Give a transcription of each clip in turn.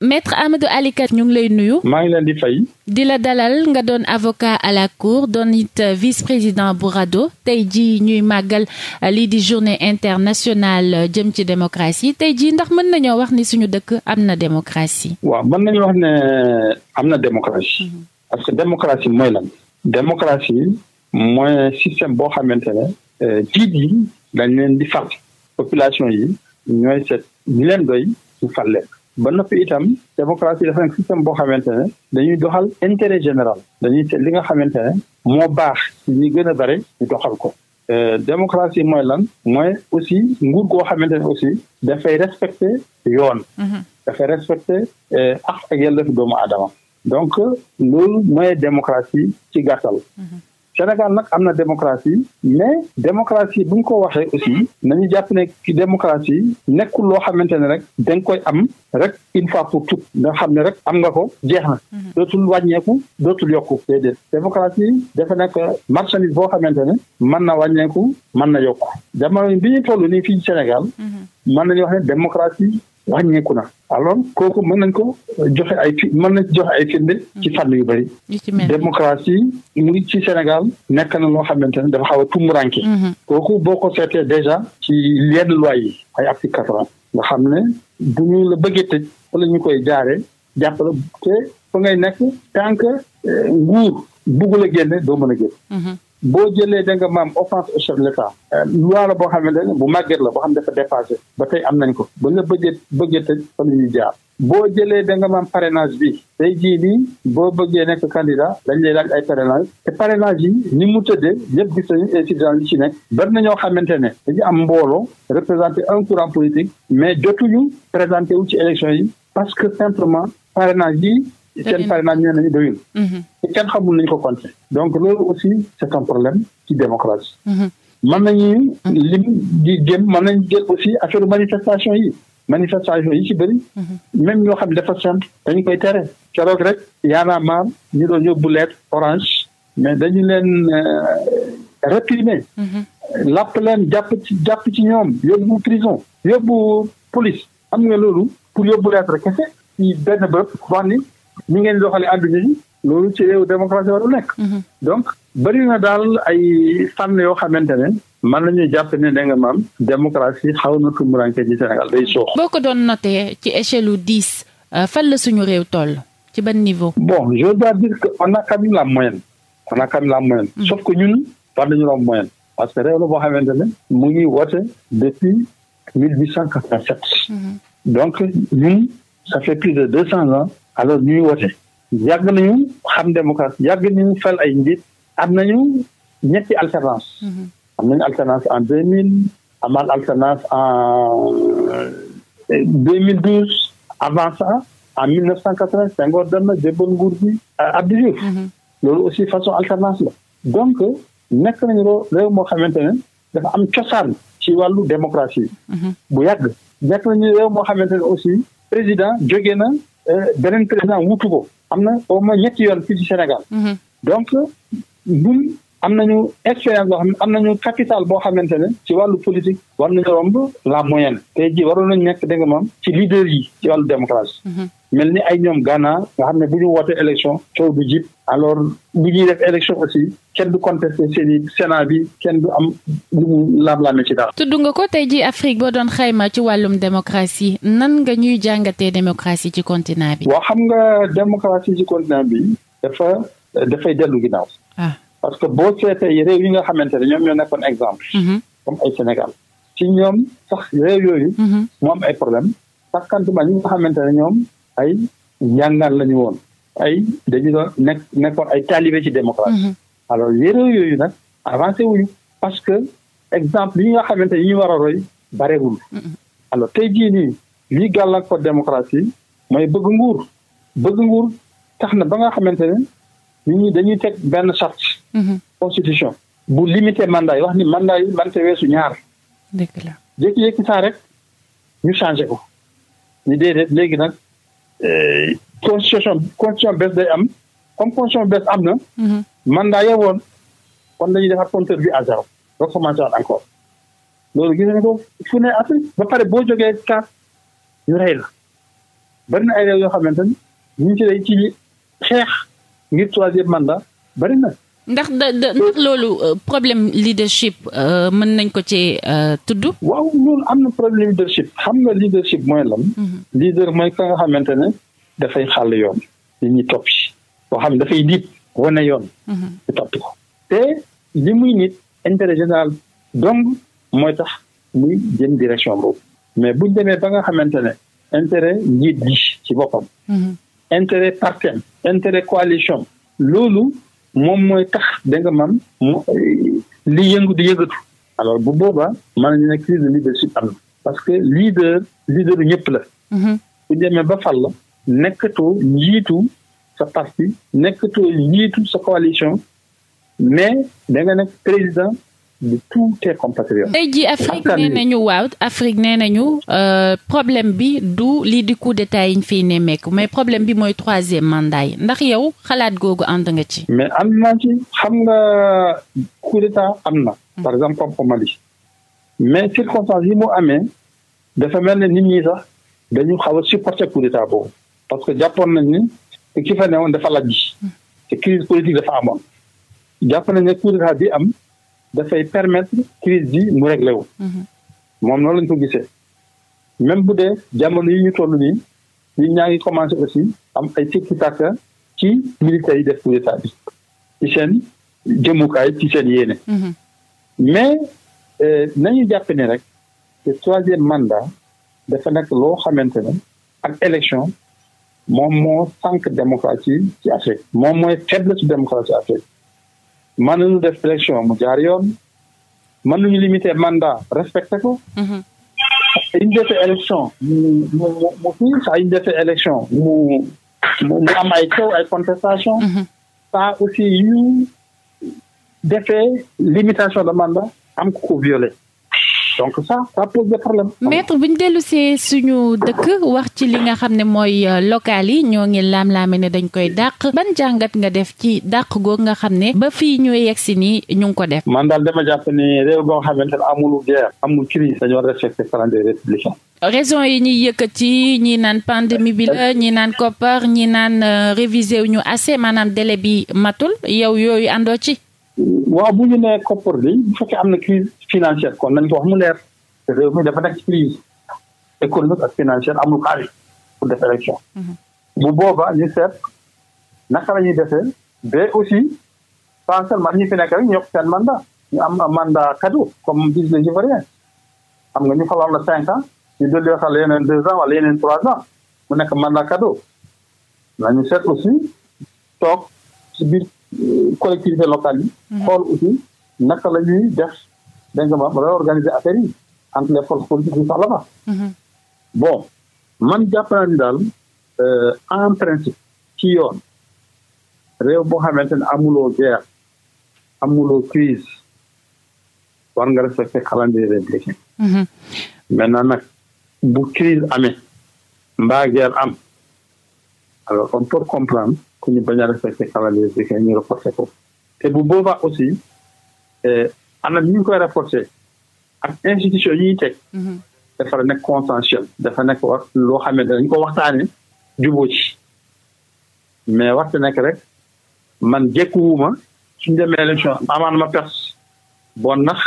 maitre Amadou Aly Kat ñu ngi lay nuyu. maa ngi leen di fay. di la dalal nga doon avocat à la cour doon it euh, vice-président bu RADDHO tey jii ñuy màggal euh, lii di journée internationale euh, jëm ci démocratie tey jii ndax mën nañoo wax ni suñu dëkk am na démocratie. waaw mën nañu wax ne am na démocratie. Mhm. parce que démocratie mooy lan. démocratie mooy système boo xamante ne. jiit yi dañ leen di fal. population yi ñooy seet ñi leen doy ñu fal leen. ba noppi itam démocratie dafa nekk système boo xamante ne dañuy doxal intérêt général dañuy li nga xamante ne moo baax ñi gën a bari ñu doxal ko euh, démocratie mooy lan mooy aussi nguur goo xamante ne aussi dafay respecter yoon mhm. dafay respecter euh, ak ak yelleefu doomu aadama donc loolu mooy démocratie ci gàttal mhm. Sénégal nag am na démocratie mais démocratie bu ko waxee aussi nañu jàpp ne ci démocratie nekkul loo xamante ne rek da koy am rek une fois pour toutes nga xam ne rek am nga ko jeex na mhm. dootul wàññeeku dootul yokku déedéet démocratie dafa nekk marchandise boo xamante ne mën na wàññeeku mën na yokku jamono bi ñu toll nii fii Sénégal mhm. mën nañu wax ne démocratie wàññeeku na alors kooku mën nañ ko joxe ay fi mën nañ joxe ay firnde ci fànn yu bëri démocratie mu ngi ci Sénégal nekk na loo xamante ne dafa xaw a tumuranke mhm. kooku boo ko seetee déjà ci yenn loi yi ay article quatre-vingt nga xam ne bu ñu la bëggee tëj fa la ñu koy jaaree jàppale te fa ngay nekk tant que euh, nguur bugg la génne doo mën a génn mhm. boo jëlee da nga maam offense au chef de l'État euh, loi boo xamante ne bu màgget la boo xam ne dafa dépassé ba tey am nañ ko ba nga bëggee bëggee tëj fa la jaar boo jëlee da nga maam parrainage bi tey jii nii boo bëggee nekk candidat dañ lay laaj ay parrainage te parrainage yi ni mu tëddee ñëpp gis nañu incident yi ci nekk bari na ñoo xamante ne dañu am mbooloo représenté un courant politique mais jotuñu présenté u ci élection yi parce que simplement parrainage yi seen paiement nee nañu doyul te kenn xamul nañu ko compter donc loolu aussi c'est un problème ci démocratie mhm. mën nañu mhm. lim di gém mën nañu jël aussi affaire manifestation yi manifestation yi ci bëri mhm. même ñoo xam dafa simple dañu koy tere keroog rek yaanaa maar ñu doon yóbbu lettre orange mais dañu leen euh, réprimer làpp leen jàpp ci jàpp ci ñoom yóbbu prison yóbbu police am nga loolu pour yóbbu lettre kese ci benn bërëb wax ñu ngeen doxalee àdduna yi loolu ci réew démocratie warul nekk. Mhm. donc bëri na daal ay fànn yoo xamante ne. mën nañu jàpp ne da nga maam démocratie xaw na tumuranke ci Sénégal day soox. boo ko doon noté ci échelle lu dix euh, fan la suñu réew toll ci ban niveau. bon je dois dire que on a quand même la moyenne. on a quand même mhm. ñun war nañu la moyenne. parce que réew la boo xamante ne mu ngi woote depuis mille huit cent quatre-vingt-sept. Mhm. donc ñun ça fait plus de deux cents alors ñuy wote yàgg nañu xam démocratie yàgg nañu fel ay njiit am nañu ñetti alternance mm-hmm. am nañu alternance en deux mille amaan alternance en euh, deux mille douze avant ça en mille neuf cent quatre-vingt Senghor dem na jébbal nguur gi euh, Abdou mm-hmm. loolu aussi façon alternance la donc nekk nañu réew moo xamante ne dafa am cosaan ci wàllu démocratie mm-hmm. bu yàgg nekk nañu réew moo xamante ne aussi président jóge na Euh, beneen président wutu ko am na au moins ñetti yoon fii ci Sénégal. Mhm. donc ñun am nañu expérience boo xam ne am nañu capital boo xamante ne ci wàllu politique war nañu romb la moyenne. te ji waroon nañu nekk denga nga moom ci leader yi ci wàllu démocratie. Mhm. mel ni ay ñoom Ghana nga xam ne bu ñu wootee élection coow du jib alors bu ñuy def élection aussi kenn du contesté seen i Sénat bi kenn du am lu laam ci dara. tudd nga ko tey jii Afrique bo doon xayma ci wàllum démocratie nan nga ñuy jàngatee démocratie ci continent bi. waaw xam nga démocratie ci continent bi dafa dafay dellu ginnaaw. ah parce que boo seetee réew yi nga xamante ne ñoom ñoo nekkoon exemple. Mm-hmm. comme ay Sénégal ci ñoom sax réew yooyu. mu mm-hmm. ay problèmes. ne ñoom. ay njàngal lañu woon ay dañu doon nekk nekkoon ay talibé ci démocratie mhm. alors yéréew yooyu nag avancé wuñu parce que exemple yi nga xamante yi ñu war a roy barewul mhm. alors tey jii nii lii gàllankoor démocratie mooy bëgg nguur bëgg nguur tax na ba nga xamante ne nit ñi dañuy teg benn charte mhm. constitution bu limité mandat yi wax ni mandat yi bante weesu ñaar dëgg la jékki ñu changé ko ñu déedéet léegi nag Euh, constitution constitution bees day am comme constitution bees am na. Mhm. mandat ya woon kon dañuy defar compteur bi à zéro ba commencé waat encore loolu gis nga ko fu ne Afrique ba pare boo jógee kaas ñu rey la bari na ay yoo xamante ni ñu ngi ci day xeex ngir troisième mandat bari na. ndax da da ndax loolu euh, problème leadership euh, mën nañ ko ci euh, tudd. waaw loolu am na problème leadership xam nga leadership mooy lan. Mhm. leader mooy ka nga xamante ne dafay xàll yoon. li ñuy topp si xam ne dafay nit wane yoon. ñu mhm. topp ko te li muy nit intérêt général donc mooy tax muy jëm direction boobu mais buñ demee ba nga xamante ne intérêt njiit gi ci boppam. Mhm. intérêt partem intérêt coalition loolu. moom mooy tax da nga mam li yëngu di alors bu booba mën nañu ne crise de leadership am parce que leader leader bu ñëpp la bu mhm. demee ba fal la nekkatoo njiitu sa parti nekkatoo njiitu sa coalition mais da nekk président de tous tey jii Afrique nee nañu waaw Afrique nee nañu euh, problème bi du lii di coup d'état yi ñu fiy nemmeeku mais problème bi mooy troisième mandat yi ndax yow xalaat googu ànd nga ci. mais am naa ci xam nga coup d'état am na. par exemple comme au Mali. mais circonstances yi mu amee dafa mel ne nit ñi sax dañu xaw a supporter coup d'état boobu parce que jàppoon nañu ne ki fa newoon dafa lajj hmm. te crise politique dafa amoon jàpp nañ ne coup d'état bi am. dafay permettre crise bi mu réglé mhm. moom noonu lañ ko gisee. même bu dee jamono yi ñu toll nii ñun ñaa ngi commencé aussi am ay sikki sàkka ci militaires yi def coup d'état bi ci seen jëmukaay ci seen yéene. Mhm. mais euh, nañu jàpp ne rek te troisième mandat dafa nekk loo xamante ne ak élection moom moo sànq démocratie ci Afrique moom mooy faiblesse démocratie ci Afrique. mën nañu def élection mu jaar yoon mën nañu limiter mandat respecté ko. ñu mhm. defee élection mu mu mu kii saa ñu defee élection mu mu am ay coow ay contestation saa mhm. aussi yu def defee limitation de mandat am ko ko donc ça ça pose des bu ñu dellu see suñu dëkk wax ci li nga xam ne mooy euh, local yi ñoo ngi laam-laame ne dañ koy dàq ban jàngat nga def ci dàq googu nga xam ne ba fii ñu yegg si nii ñu ngi ko def. man daal dama jàpp ni amul guerre amul crise dañoo respecté raison yi ñuy yëkkati ñi naan pandémie bi la ñi naan koppar ñi naan euh, révisé wu ñu assez maanaam délai bi matul yow yooyu àndoo ci. waaw bu ñu nee koppar bi bu fekkee am na crise financière kon nañ ko wax mu leer te réew mi dafa nekk crise économique ak financière amul xaalis pour def élection. Mhm. bu boobaa ñu set naka la ñuy defee mais aussi pas ma ñu fi nekk rek ñu yokk seen ñu am mandat cadeau comme disent les Ivoiriens xam nga ñu faloon la cinq ans ñu dolli waxal yeneen deux ans wala yeneen trois ans mu nekk mandat cadeau nañu seet aussi toog ci collectivité locale yi. Mhm. xool aussi naka la ñuy def dégg nga réorganiser affaire yi entre les forces politiques mhm. bon man jàpp naa daal euh, en principe ci yoon réew boo xamante ne amuloo guerre amuloo crise war nga respecté calendrier républicain. Mhm. maintenant nag bu crise amee mbaa am alors on peut comprendre. ku ñu euh, a respecté cavaliers bi ñu ko te bu boobaa aussi anam ñu koy reporté ak institution yi ñuy teg. Mhm. dafa nekk consensuel dafa nekk war loo xam ne dañu ko waxtaane jubóo ci mais waxtu nekk rek man jékkuwuma suñu demee élection amaan ma perte bon nax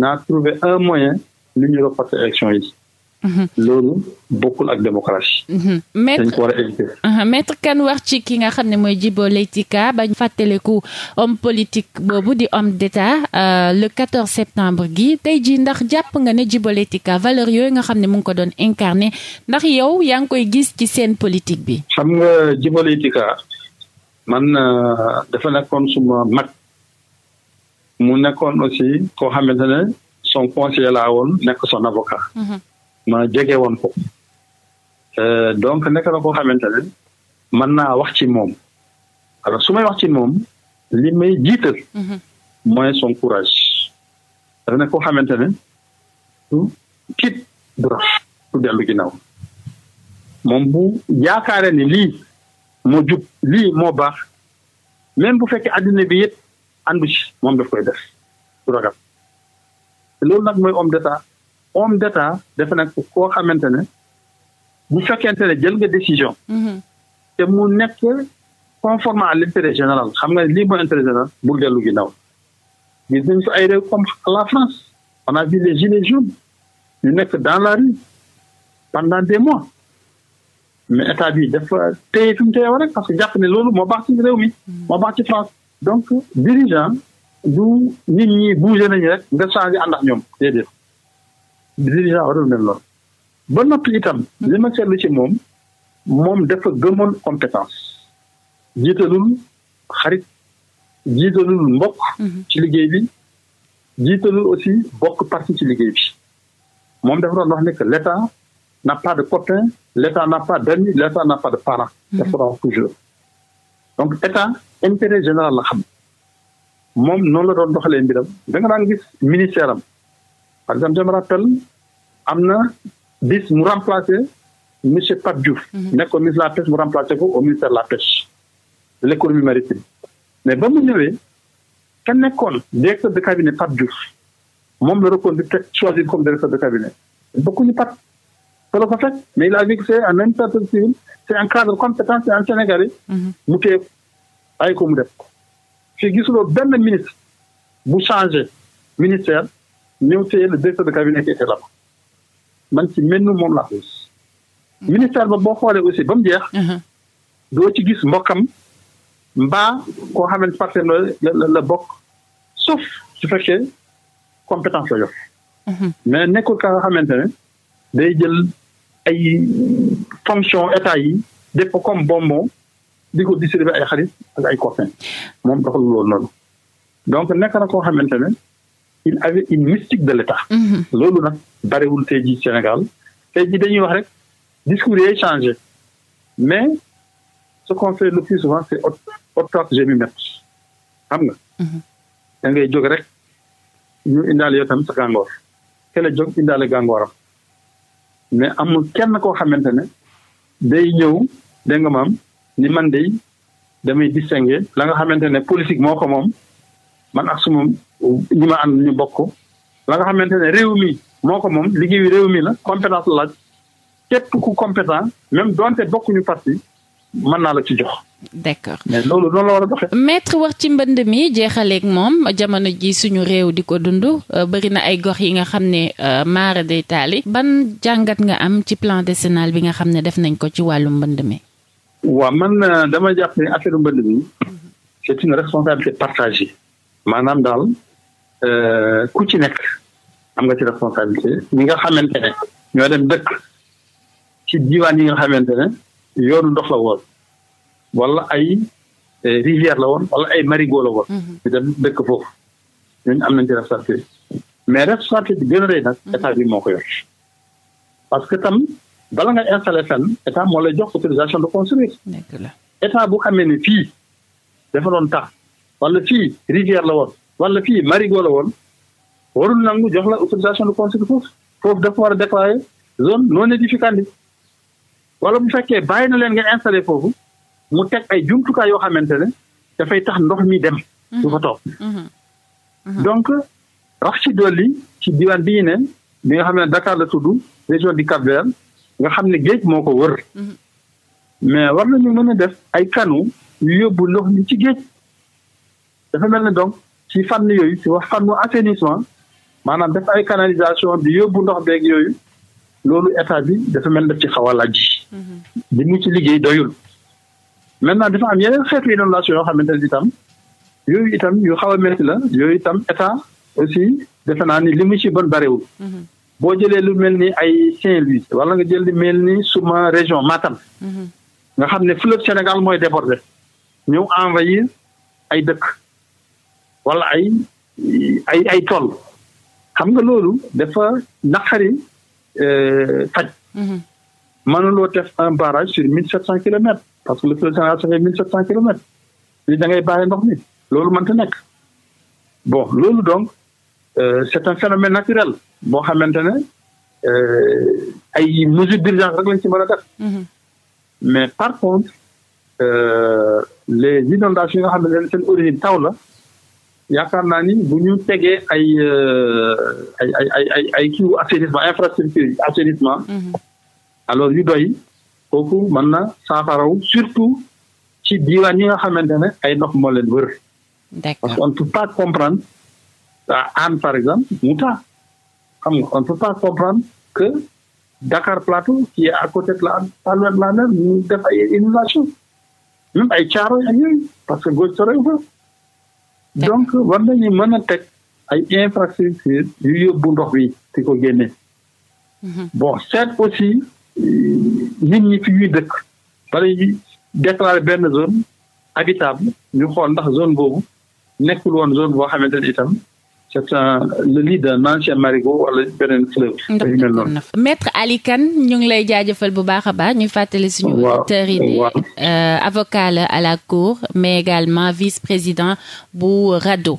na trouver un moyen lu ñu reporté élection yi. Mm-hmm. loolu bokkul ak démocratie. Mm-hmm. dañ uh-huh. kan wax ci ki nga xam ne mooy Djibo Leyti Ka ba fàttaliku homme politique boobu di homme d'état uh, le 14 septembre gi tey jii ndax jàpp nga ne Djibo Leyti valeur yooyu nga xam ne mu ngi ko doon incarné ndax yow yaa ngi koy gis ci seen politique bi. xam nga Djibo Leyti man uh, dafa nekkoon suma mag mu nekkoon aussi koo xamante ne son conseiller laa woon nekk son avocat. Mm-hmm. ma jege woon ko euh, donc nekk la koo xamante ne mën naa wax ci moom alors su may wax ci moom li may jiital. Mhm. mooy son courage. dafa nekk koo xamante ne du tiit du raf du dellu ginnaaw moom bu yaakaare ni lii moo jub lii moo baax même bu fekkee àddina bi yëpp àndu ci moom daf koy def du ragal loolu nag mooy homme d'état homme d'état dafa nag koo xamante ne bu fekkente ne jël nga décision. Mhm. te mu nekk conforme à l'intérêt général xam nga lii mooy intérêt général dellu ginnaaw. gis nañ ko ay réew comme la ñu nekk dans la rue pendant des mois mais état bi dafa téye fi mu téye rek parce que jàpp ne loolu moo baax ci réew mi mhm. moo baax ci France donc dirigeant du nit ñi bougé nañu rek nga changé ànd ñoom dirigeant warul mel noonu ba noppi itam li ma seetlu ci moom moom dafa gëmoon compétence jiitalul xarit jiitalul mbokk mhm. ci liggéey bi jiitalul aussi bokk parti ci liggéey bi moom dafa doon wax nekk que l' état n'a pas de copain l' état n'a pas d' de parent mhm. toujours donc état intérêt général la xam moom noonu la doon doxalee mbiram da nga daan gis ministère am par exemple je me rappelle am na bis mu remplacer monsieur Pape Diouf. Mhm. nekkoon ministre de la pêche mu remplacer ko au ministère la pêche de l' maritime mais ba mu ñëwee ka nekkoon directeur de cabinet Pape Diouf moom la reconduire choisir comme directeur de cabinet bokkuñu Pape. solo mais il a vu que c' est un administrateur civil c' est un cadre compétent c' est un Sénégalais. Mhm. mu tee bàyyi ko mu def. fii gisuloo benn ministre bu changé ministère. ñëw téye le de cabinet qui était là man ci mel ni moom la ko ministère ba boo xoolee aussi ba mu jeex. Uh-huh. doo ci gis mbokkam mbaa koo xam ne parti la la bokk sauf su fekkee compétence la yor. Uh-huh. mais nekkul ka nga xamante ne day jël ay fonction état yi def ko comme bonbon di ko distribuer ay xarit ak ay copains moom doxul loolu noonu donc nekk na koo xamante il avait une mystique de l'État mhm. loolu na bariwul tey jii Sénégal tey jii dañuy wax rek discours yi changé mais ce qu'on fait le plus souvent c'est autoaxémimètre xam nga mhm. da ngay jóg rek ñu indaale yow tamit sa gàngoor ke la jóg indaale gàngooram mais amul kenn koo xamante ne day ñëw dégg nga maam ni man day damay distinguer la nga xamante ne politique moo ko moom man ak su ma ñi ma ànd ñu bokk la nga xamante ne réew mi moo ko moom liggéeyu réew mi la compétence laaj képp ku compétent même doonte bokkuñu parti mën naa la ci jox. d'accord mais loolu noonu la war a doxee. maître wax ci mbënd mi jeexaleek moom jamono ji suñu réew di ko dund euh, bëri na ay gox yi nga xam ne euh, maara day taali ban jàngat nga am ci plan décennal bi nga xam ne def nañ ko ci wàllu mbënd mi. waaw man euh, dama jàpp ne affaire mbënd mi c'est une maanaam daal euh, ku ci nekk am nga ci responsabilité ñi nga xamante ne ñoo dem dëkk ci diwaan yi nga xamante ne yoonu ndox la woon wala ay euh, rivière la woon wala ay marigot la woon. Mhm. ñu dem dëkk foofu ñooñu am nañ ci responsabilité mais responsabilité bi gën a rëy mhm. état bi moo ko parce que tam bala nga installé fenn état moo lay jox autorisation de construire. état bu xamee ne fii dafa doon tax. wala fii rivière la woon wala fii marigot la woon warul nangu jox la autorisation de construire foofu foofu dafa war a déclarer zone non édificandi wala bu fekkee bàyyi na leen ngeen installé foofu mu teg ay jumtukaay yoo xamante ne dafay tax ndox mi dem. Mhm. du fa toog. Mhm. Mhm. donc rax ci dolli ci diwaan bi ñu ne bi nga xam ne Dakar la tudd région di Cap-Vert nga xam ne géej moo ko wër. mais war na ñu a def ay kanu yu yóbbu ndox mi ci géej. dafa mel ne donc ci fànn yooyu ci wax fànnu assainissement maanaam def ay canalisation bi yóbbu ndox beeg yooyu loolu état bi dafa mel ne daf ci xaw a laaj mhm. li mu ci liggéey doyul maintenant dafa am yeneen xeetu inondation yoo xamante ne itam yooyu itam yu xaw a métti la yooyu itam état aussi defe naa ni li mu ci bon barewul mhm. boo jëlee lu mel ni ay Saint-Louis wala nga jël lu mel ni suma région Matam mhm. nga xam ne fleuve Sénégal mooy déborder ñëw envahir ay dëkk wala ay ay ay tool xam nga loolu dafa naqari euh, faj mhm. mënuloo def un barrage sur mille sept cent kilomètres parce que le fleuve Sénégal ça mille sept cent kilomètres li da ngay ndox mi loolu mënta nekk bon loolu donc euh, c'est un phénomène naturel boo xamante ne euh, ay mesures d'urgence rek lañ ci mën a def mhm. mais par contre les inondations nga xamante ne origine taw la yaakaar naa ni bu ñu tegee ay euh, ay ay ay ay ay kiiwu assainissement infrastructure yi mm-hmm. alors yu doy kooku mën na saafaraw surtout ci diiwaan yi nga xamante ne ay ndox moo leen wër parce que on ne pas comprendre Hann par exemple mu xam nga on ne peut pas comprendre que Dakar Plateau qui est côté de la pas loin la mer ñu def ay inondation même ay caaro ak yooyu parce que gauche sore fa donc war nañu mën a teg ay infrastructure yu yóbbu ndox bi di ko génne mhm. bon seet aussi euh, nit ñi fi ñuy dëkk bala ñuy déclarer benn zone habitable ñu xool ndax zone boobu nekkul woon zone boo xamante ni itam c'est un le lit d'un ancien ñu ngi lay jaajëfal bu baax a baax ñuy fàttali suñu. auditeurs yi ne euh, avocat la à la cour mais également vice-président bu RADDHO.